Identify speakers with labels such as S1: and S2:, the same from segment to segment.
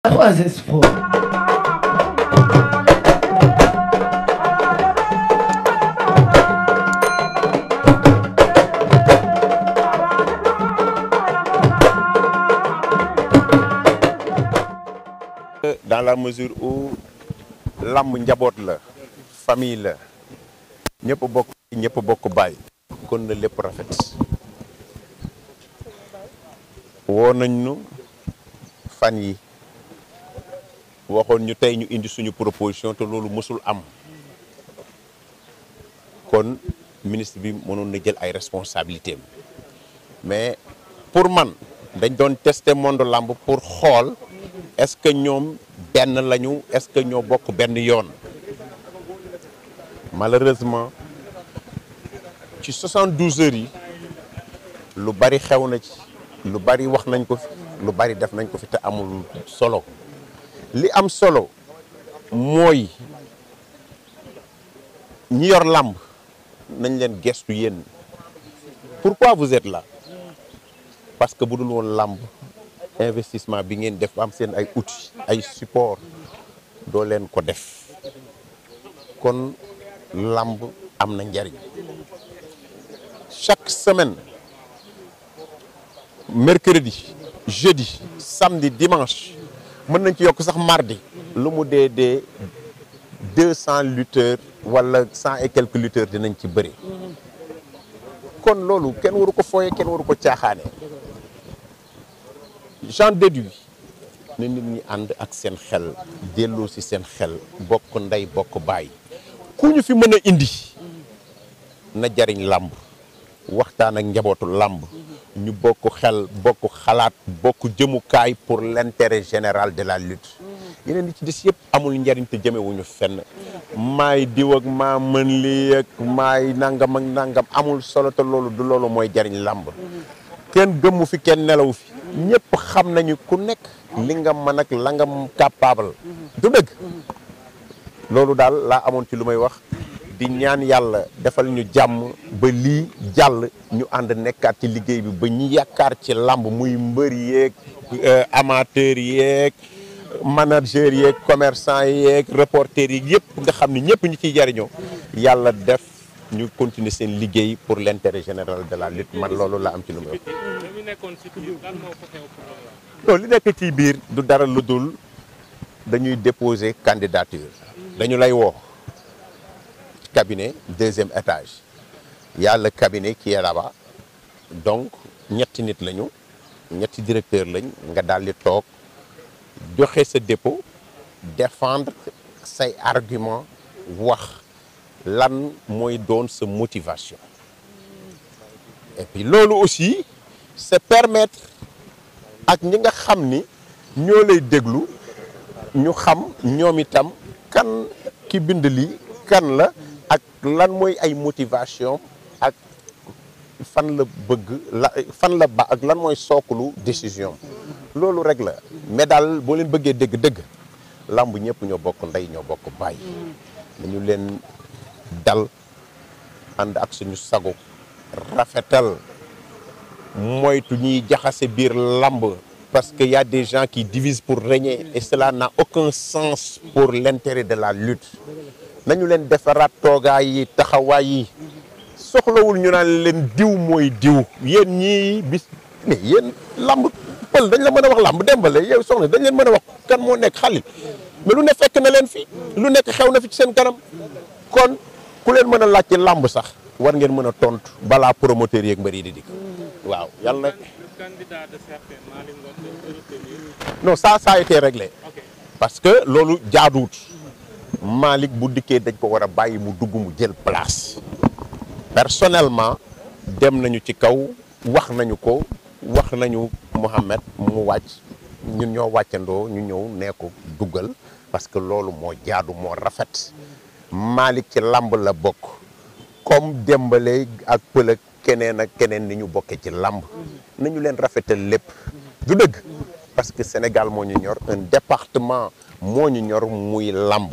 S1: Dans la
S2: mesure ou làmb njaboot la famille la ñëpp bokk ñëpp bokk baay kon na lépp rafet woo nañ nu fan yi waxoon ñu tey ñu indi suñu proposition te loolu mësul am kon ministre bi mënoon na jël ay responsabilités mais pour man dañ doon tester monde làmb pour xool est-ce que ñoom benn lañu est-ce que ñoo bokk benn yoon malheureusement ci 72 heures yi lu bari xew na ci lu bari wax nañ ko fi lu bari def nañ ko fi te amul solo. li am solo mooy ñi yor làmb nañ leen gestu yéen pourquoi vous êtes là parce que bu dul woon làmb investissement bi ngeen def am seen ay outils ay support doo leen ko def kon làmb am na njariñ chaque semaine mercredi jeudi samedi dimanche mën nañ ci yokk sax mardi lu mu dee dee deux cent lutteurs wala cent et quelques lutteurs dinañ ci bëri kon loolu kenn waru ko fooye kenn waru ko caaxaane j'en déduis ne nit ñi ànd ak seen xel delloo si seen xel bokk ndey bokk baay ku ñu fi mën a indi na jariñ làmb waxtaan ak njabootu làmb ñu bokk xel bokk xalaat bokk jëmukaay pour l'intérêt général de la lutte yeneen li ci des yëpp amul njariñ te jëmewuñu fenn maay diw ak maa mën li ak maay nangam ak nangam amul solo te loolu du loolu mooy jariñ làmb kenn gëmmu fi kenn nelaw fi ñëpp xam nañu ku nekk li nga mën ak la nga capable du dëgg loolu daal laa amoon ci lu may wax di ñaan yàlla defal ñu jàmm ba lii jàll ñu ànd nekkaat ci liggéey bi ba ñu yaakaar ci làmb muy mbër yeeg euh, amateur yeeg manager yeeg commerçant yeeg reporter yi yëpp nga xam ni ñëpp ñu ciy jariñoo yàlla def ñu continuer seen liggéey pour l'intérêt général de la lutte man loolu la am ci lu muy non li nekk ci biir du dara lu dul dañuy déposer candidature dañu lay woo cabinet deuxième étage yàlla y a cabinet qui est donc ñetti nit lañu ñetti directeur lañ nga daal di toog joxe sa dépôt défendre say argument wax lan mooy doon sa motivation et loolu aussi sa permettre ak ñi nga xam ni ñoo lay déglu ñu xam ñoom itam kan ki bind lii kan la lan mooy ay motivation ak fan la bëgg la fan la ba ak lan mooy sookulu décision loolu rek la mais daal boo leen bëggee dëgg-dëgg làmb ñëpp ñoo bokk ndey ñoo bokk bàyyi nañu leen dal ànd ak suñu sago rafetal moytu ñuy jaxase biir làmb parce que y des gens qui divisent pour régner et cela n'a aucun sens pour l'intérêt de la lutte nañu leen defaraat toogaay yi taxawaay yi soxlawul ñu naan leen diw mooy diw yéen ñii bis ne yéen làmb pël dañ la mën a wax làmb dembale yow soxna dañ leen mën a wax kan moo nekk xalit mais lu ne fekk na leen fi lu nekk xew na fi ci seen kanam kon ku leen mën a laaj làmb sax war ngeen mën a tontu balaa promoteur yeeg mbër yi di dikk waaw yàlla na non ça ça a réglé parce que loolu jaaduwut Malick bu dikkee dañ ko war a bàyyi mu dugg mu jël place personnellement dem nañu ci kaw wax nañu ko wax nañu Mouhamed mu wàcc ñu ñoo wàccandoo ñu ñëw nee ko duggal parce que loolu moo jaadu moo rafet Malick ci làmb la bokk comme Dembélé ak Pël ak keneen ak keneen ni ñu bokkee ci làmb nañu leen rafetal lépp du dëgg parce que Sénégal moo ñu ñor un département moo ñu ñor muy làmb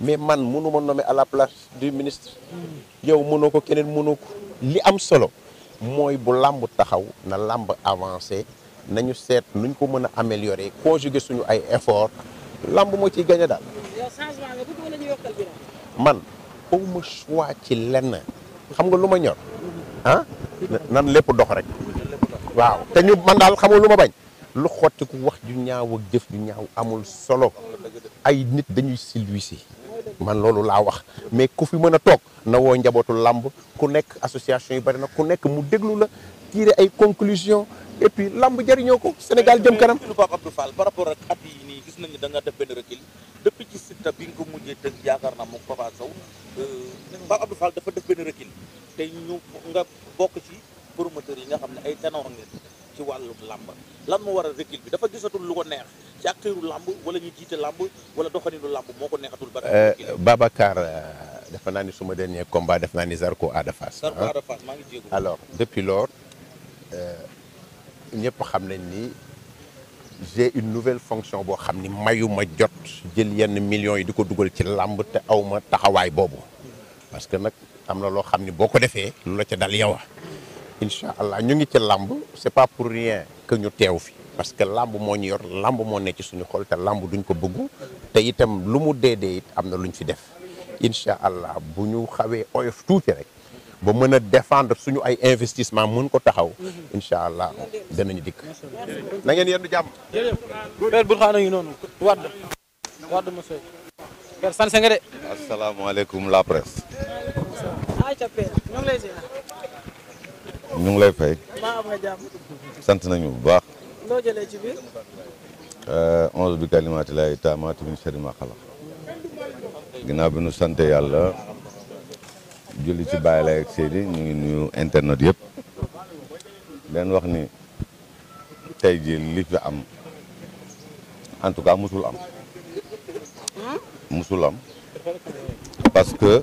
S2: mais man mënu ma nommer à la place du ministre yow mënoo ko keneen mënoo ko li am solo mooy bu làmb taxaw na làmb avancé nañu seet nuñ ko mën a améliorer conjuguer suñu ay effort làmb moo ciy gagné daal man awma choix ci lenn xam nga lu ma ñor ah nan lépp dox rek waaw te ñu man daal xamul lu ma bañ lu xotti ku wax ju ñaaw ak jëf ju ñaaw amul solo ay nit dañuy silwisi man loolu laa wax mais ku fi mën a toog na woo njabootu làmb ku nekk association yu bari na ku nekk mu déglu la tirer ay conclusion et puis làmb jariñoo ko Sénégal jëm kanam. mais Pape Abdou par rapport ak at yi nii gis nañu da nga def benn recul depuis ci Siteu bi nga ko mujjee dëgg yaakaar naa moom Papa Sow euh, Pape Abdou Fall dafa def benn recul te ñu nga bokk ci promoteurs yi nga xam ne ay ténor ci wàllu làmb lan moo war a recul bi dafa gisatul lu ko neex ci acteuru làmb wala ñu jiite làmb wala doxalinu làmb moo ko neexatul ba euh, euh, dafa naa ni suma dernier combat def naa ni Zarko Ada Fass Zarko ah. Ada Fass depuis lors euh, ñëpp xam nañ ni j'ai une nouvelle fonction boo xam ni mayuma jot jël yenn millions yi di ko dugal ci làmb te aw ma taxawaay boobu parce que nag am na loo xam ni boo ko defee lu la ca dal yow incha allah ñu ngi ci làmb c'est pas pour rien que ñu teew fi parce que làmb moo ñu yor làmb moo nekk ci suñu xol te làmb duñ ko bëggu te itam lu mu dee dee it am na luñ fi def incha allah bu ñu xawee oyof tuuti rek ba mën a défendre suñu ay investissement mën ko taxaw incha allah danañu dikk. na ngeen yendu noonu wadd
S1: wadd ma sooy père ñu ngi lay fay. sant nañu bu baax. loo jëlee ci biir. Euh, onze bi kalimaati laay taamaati min sharri maa ginnaaw bi nu sant yàlla julli ci bàyyi lay ak Seydi ñu ngi nuyu internet yëpp. leen wax ni tey jii li fi am en tout cas musul am. Hmm? musul am parce que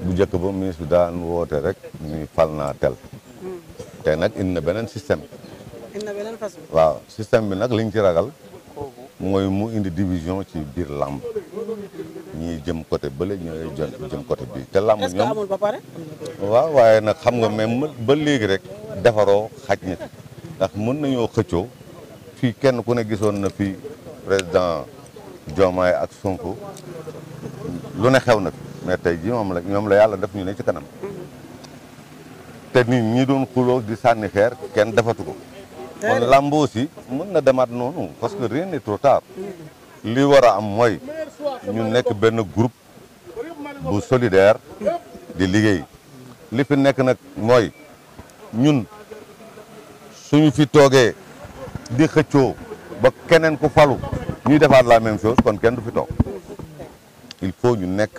S1: bu njëkk ba ministre daan woote rek ni fal naa tel. te nag indi na beneen système. waaw système bi nag liñ ci ragal. mooy mu indi division ci biir làmb ñii jëm côté bële ñooy jëm côté bii te làmb ñoom waaw waaye nag xam nga même ba léegi rek defaroo xaj nit ndax mën nañoo xëccoo fii kenn ku ne gisoon na fii président Diomaye ak Sonko lu ne xew na fi mais tey jii moom la ñoom la yàlla def ñu ne ci kanam te nit ñi doon xuloo di sànni xeer kenn defatu ko eh. kon làmb aussi mën na demaat noonu parce que rien n'est trop li war a am mooy ñu nekk benn groupe bu solidaire di liggéey li fi nekk nag mooy ñun suñu fi toogee di xëccoo ba keneen ku falu ñuy defaat la même chose kon kenn du fi toog il faut ñu nekk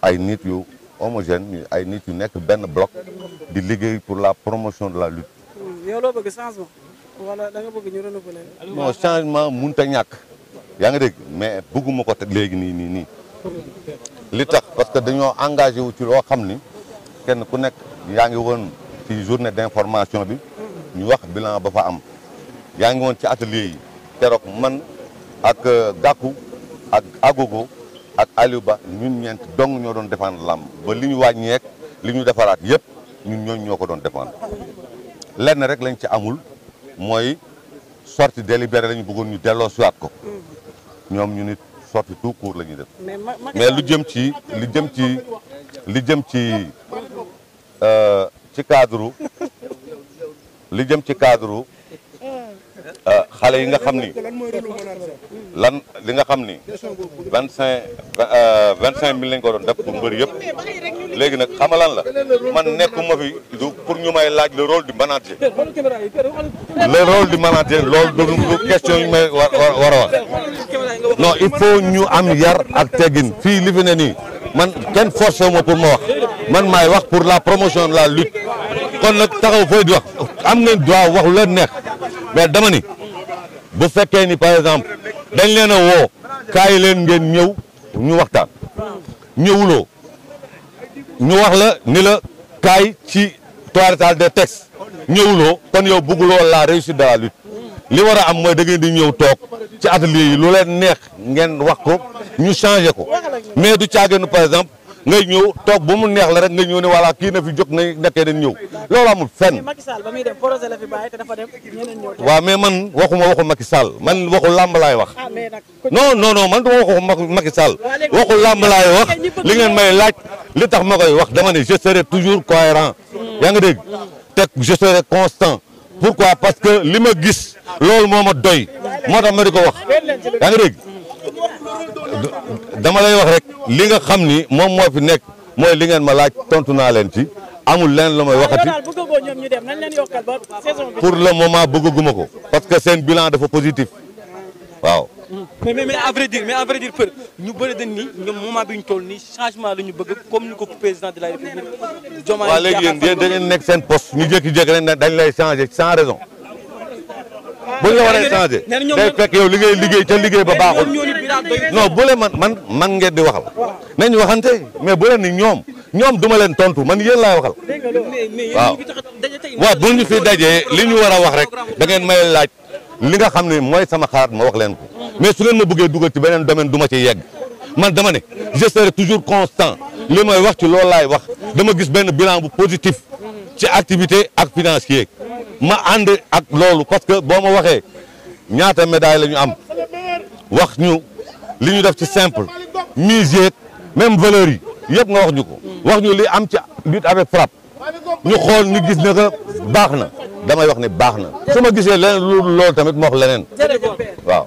S1: ay nit yu homogène ay nit yu nekk benn bloc di liggéey pour la promotion de la lutte. Hmm, yow changement wala da nga bëgg ñu renouveler. non changement mënut ñàkk yaa ngi dégg mais bëgguma ko léegi nii nii nii. li tax parce que dañoo engagé wu ci loo xam ni kenn ku nekk yaa ngi woon ci journée d'information bi ñu wax bilan ba fa am yaa ngi woon ci atelier yi man ak euh, Gakou ak Agogo ak Aliou Ba ñun ñeent dong ñoo doon défendre làmb ba li ñu wàññeek li ñu defaraat yëpp. ñun ñooñ ñoo ko doon défendre lenn rek lañ ci amul mooy sortie délibérée la ñu bëggoon ñu delloo siwaat ko ñoom ñu nit sortie tout court la ñuy def mais lu jëm ci li jëm ci li jëm ci euh, ci cadre li jëm ci cadre xale yi nga xam ni lan li nga xam ni vingt cinq vingt cinq mille lañ ko doon def pour mbër yëpp léegi nag lan la
S2: man nekkuma
S1: fi du pour ñu may laaj le rôle du manager le rôle du manager loolu du question yu may war a wax non il faut ñu am yar ak teggin fii li fi ne nii man kenn forcé wu ma ma wax man maay wax pour la promotion de la lutte kon nag taxaw fooy di wax am ngeen droit wax lu leen neex mais dama ni bu fekkee ni par exemple dañ leen a woo kaay leen ngeen ñëw ñu waxtaan ñëwuloo ñu wax la ni la kaay ci toilettage de textes ñëwuloo kon yow bugguloo la réussite de la li war a am mooy da ngeen di ñëw toog ci atelier yi lu leen neex ngeen wax ko ñu changé ko mais du caagenu par exemple ngay ñëw toog ba mu neex la rek ngay ñëw ne voilà kii na fi jóg na nekkee dañ ñëw loolu amul fenn. waaw mais man waxuma waxu Macky Sall man waxu làmb laay wax. Ah, non non non man duma waxu Macky Sall waxu làmb wax li ngeen may laaj li tax ma koy wax dama ne je serai toujours cohérent hmm. yaa nga dégg hmm. te je serai constant. quoi parce que li ma gis loolu moo ma doy moo tax ma di ko wax yaa ngi dégg hmm. dama lay wax rek. li nga xam ni moom moo fi nekk mooy li ngeen ma laaj tontu naa leen ci amul ah, leen la may waxati pour le moment bëgguma ko parce que seen bilan dafa positif waaw. mais mais mais à vrai dire për ñu bëri dañ ni ñoom moment bi ñu toll nii changement la ñu bëgg comme ni ko président de la république. Diomaye waaw léegi nekk seen poste ñu jékki-jékki rek dañ lay changé sans raison. Ah.
S2: bu ñu la waree changé day fekk yow liggéey liggéey ca liggéey ba baaxul.
S1: non bu leen man man man ngeen di wax waxal nañ waxante mais bu leen ni ñoom ñoom duma leen tontu man yéen laay waxal waaw waaw bu ñu fi dajee li ñu war a wax rek da ngeen may laaj li nga xam ne mooy sama xalaat ma wax leen ko mais su ngeen ma bëggee dugal ci beneen domaine duma ci yegg man dama ne je toujours constant li may wax ci loolu laay wax dama gis benn bilan bu positif ci activité ak financier ma ànd ak loolu parce que boo ma waxee ñaata médaille lañu am li ñu def ci simple mise yeeg même valeur yi yëpp nga wax ñu ko wax ñu li am ci lutte avec frappe ñu xool nu gis ne que baax na damay wax ne baax na su ma gisee leneen loolu tamit ma wax leneen waaw